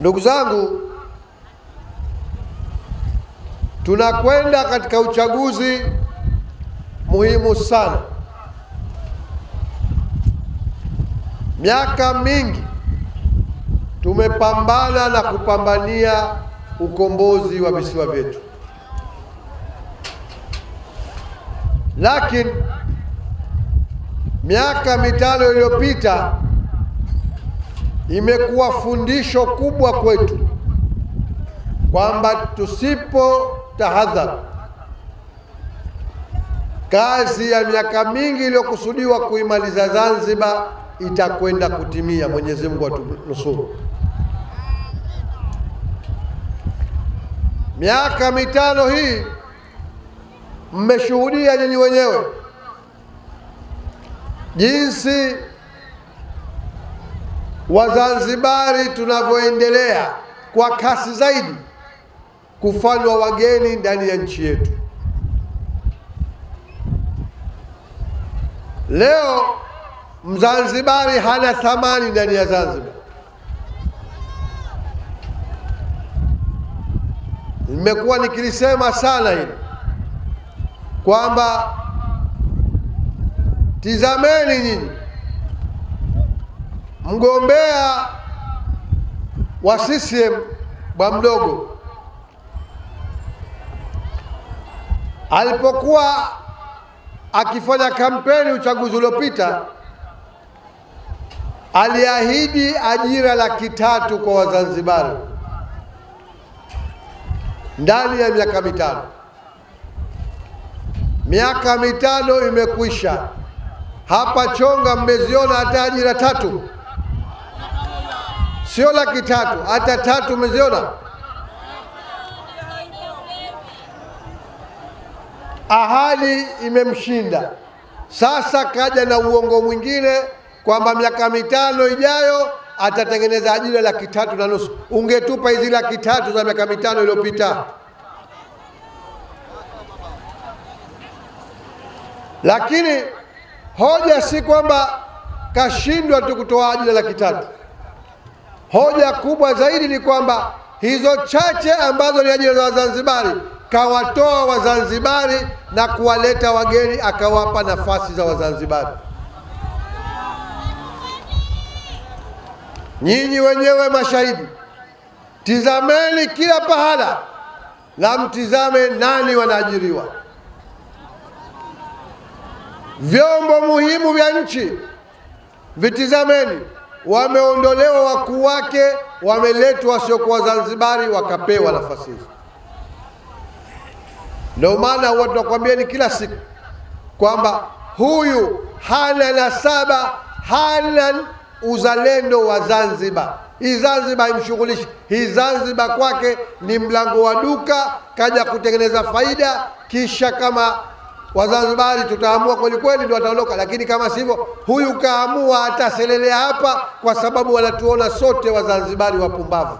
Ndugu zangu, tunakwenda katika uchaguzi muhimu sana. Miaka mingi tumepambana na kupambania ukombozi wa visiwa vyetu, lakini miaka mitano iliyopita imekuwa fundisho kubwa kwetu kwamba tusipo tahadhari, kazi ya miaka mingi iliyokusudiwa kuimaliza Zanzibar itakwenda kutimia. Mwenyezi Mungu atunusuru. Miaka mitano hii mmeshuhudia nyinyi wenyewe jinsi Wazanzibari tunavyoendelea kwa kasi zaidi kufanywa wageni ndani ya nchi yetu. Leo Mzanzibari hana thamani ndani ya Zanzibar. Nimekuwa nikilisema sana hili kwamba tizameni nyinyi mgombea wa CCM bwa mdogo alipokuwa akifanya kampeni uchaguzi uliopita aliahidi ajira laki tatu kwa Wazanzibari ndani ya miaka mitano. Miaka mitano imekwisha. Hapa Chonga mmeziona hata ajira tatu sio laki tatu, hata tatu umeziona? Ahadi imemshinda. Sasa kaja na uongo mwingine kwamba miaka mitano ijayo atatengeneza ajira laki tatu na nusu. Ungetupa hizi laki tatu za miaka mitano iliyopita. Lakini hoja si kwamba kashindwa tu kutoa ajira laki tatu Hoja kubwa zaidi ni kwamba hizo chache ambazo ni ajira za Wazanzibari kawatoa Wazanzibari na kuwaleta wageni, akawapa nafasi za Wazanzibari. Nyinyi wenyewe mashahidi, tizameni kila pahala la mtizame nani wanaajiriwa. Vyombo muhimu vya nchi vitizameni wameondolewa wakuu wake, wameletwa wasiokuwa Zanzibari wakapewa nafasi hizo. Ndio maana huwa ni kila siku kwamba huyu hana nasaba, hana uzalendo wa Zanzibar. Hii Zanzibar haimshughulishi. Hii Zanzibar kwake ni mlango wa duka, kaja kutengeneza faida, kisha kama Wazanzibari tutaamua kweli kweli, ndio wataondoka. Lakini kama sivyo, huyu kaamua ataselelea hapa, kwa sababu wanatuona sote Wazanzibari wapumbavu.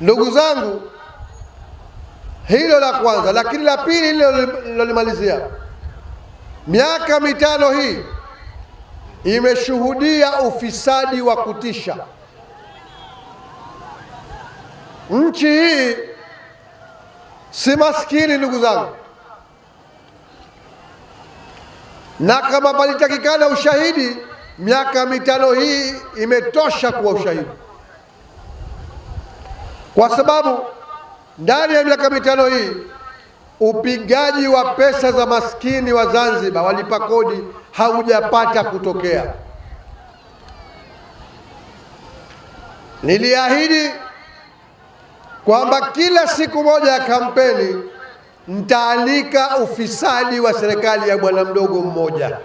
Ndugu zangu, hilo la kwanza. Lakini la pili lilolimalizia, miaka mitano hii imeshuhudia ufisadi wa kutisha. Nchi hii si maskini, ndugu zangu, na kama palitakikana ushahidi, miaka mitano hii imetosha kuwa ushahidi, kwa sababu ndani ya miaka mitano hii upigaji wa pesa za maskini wa Zanzibar walipa kodi haujapata kutokea. Niliahidi kwamba kila siku moja ya kampeni mtaalika ufisadi wa serikali ya bwana mdogo mmoja,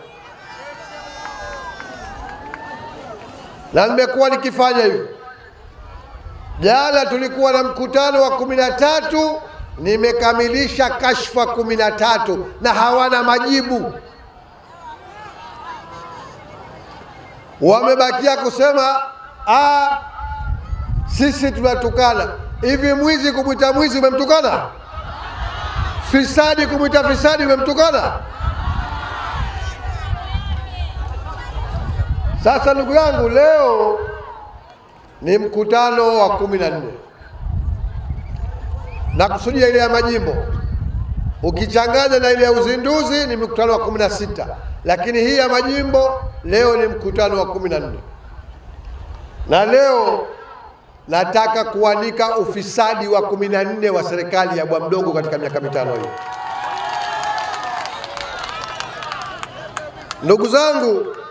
na nimekuwa nikifanya hivyo. Jana tulikuwa na mkutano wa kumi na tatu, nimekamilisha kashfa kumi na tatu na hawana majibu. Wamebakia kusema ah, sisi tunatukana Hivi mwizi kumwita mwizi umemtukana? Fisadi kumwita fisadi umemtukana? Sasa ndugu yangu, leo ni mkutano wa kumi na nne na kusudia ile ya majimbo ukichanganya na ile ya uzinduzi ni mkutano wa kumi na sita lakini hii ya majimbo leo ni mkutano wa kumi na nne na leo nataka kuanika ufisadi wa kumi na nne wa serikali ya bwa mdogo katika miaka mitano hii. Ndugu zangu